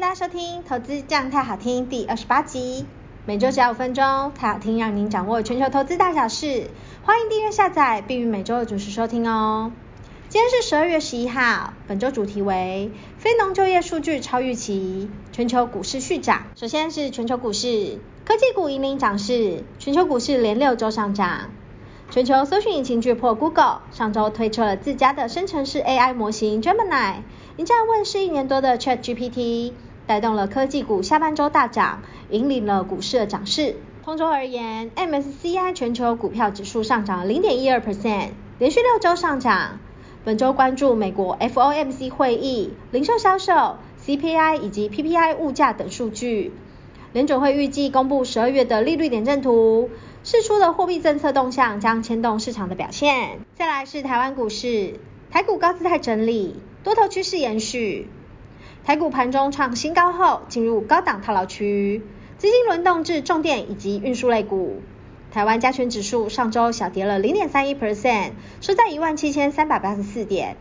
大家收聽《投資這樣太好聽》第二十八集，每周只要五分鐘，太好聽讓您掌握全球投資大小事。歡迎訂閱下載，並於每周準時收聽哦。今天是十二月十一號，本周主題為非農就業數據超預期，全球股市續漲。首先是全球股市，科技股引領漲勢，全球股市連六周上漲。全球搜尋引擎巨擘 Google 上周推出了自家的生成式 AI 模型 Gemini，迎戰問世一年多的 Chat GPT。帶動了科技股下半周大漲，引領了股市的漲勢。同週而言，MSCI 全球股票指數上漲零點一二 percent，連續六周上漲。本周關注美國 FOMC 會議、零售銷售、CPI 以及 PPI 物價等數據。聯準會預計公布十二月的利率點陣圖，釋出的貨幣政策動向將牽動市場的表現。再來是台灣股市，台股高姿態整理，多頭趨勢延續。台股盤中創新高後，進入高檔套牢區，資金輪動至重電以及運輸類股。台灣加權指數上週小跌了零點三一 percent，收在一萬七千三百八十四點，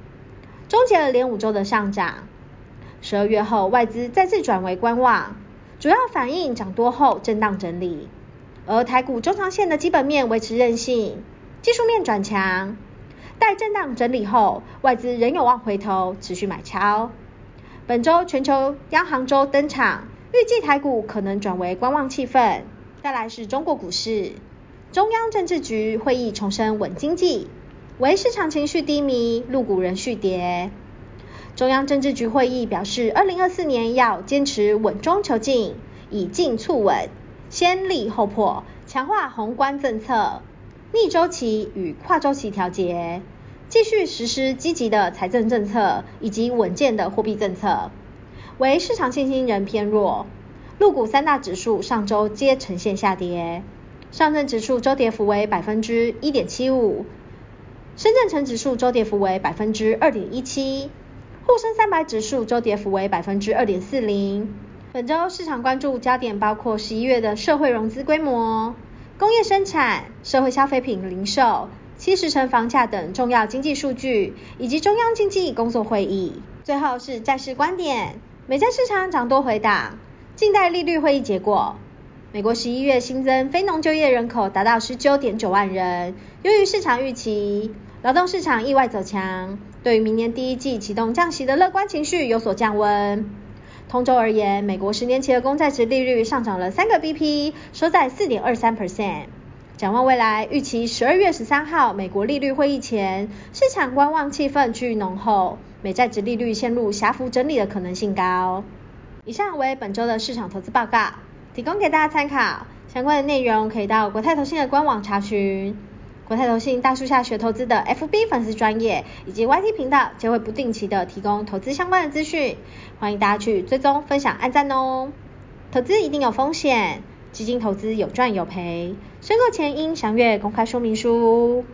終結了連五週的上漲。十二月後，外資再次轉為觀望，主要反應漲多後震盪整理。而台股中長線的基本面維持韌性，技術面轉強，待震盪整理後，外資仍有望回頭持續買超。本周全球央行周登場，預計台股可能轉為觀望氣氛。再來是中國股市，中央政治局會議重申穩經濟，惟市場情緒低迷，陸股仍續跌。中央政治局會議表示，二零二四年要堅持穩中求進，以進促穩，先立後破，強化宏觀政策逆周期與跨周期調節。繼續實施積極的財政政策，以及穩健的貨幣政策，惟市場信心仍偏弱。陸股三大指數上周皆呈現下跌，上證指數周跌幅為百分之一點七五，深圳成指數周跌幅為百分之二點一七，滬深三百指數周跌幅為百分之二點四零。本周市場關注焦點包括十一月的社會融資規模、工業生產、社會消費品零售、七十城房價等重要經濟數據，以及中央經濟工作會議。最後是債市觀點，美債市場漲多回檔，靜待利率會議結果，美國十一月新增非農就業人口達到十九點九萬人，優於市場預期，勞動市場意外走強，對於明年第一季啟動降息的樂觀情緒有所降溫。通州而言，美國十年期的公債殖利率上漲了三個 bp，收在四點二三 percent。展望未來，預期十二月十三號美國利率會議前，市場觀望氣氛趨濃厚，美債殖利率陷入狹幅整理的可能性高。以上為本週的市場投資報告，提供給大家參考。相關的內容可以到國泰投信的官網查詢。國泰投信大樹下學投資的 FB 粉絲專頁以及 YT 頻道，將會不定期的提供投資相關的資訊，歡迎大家去追蹤分享按讚哦。投資一定有風險，基金投資有賺有賠。申購前應詳閱公開說明書。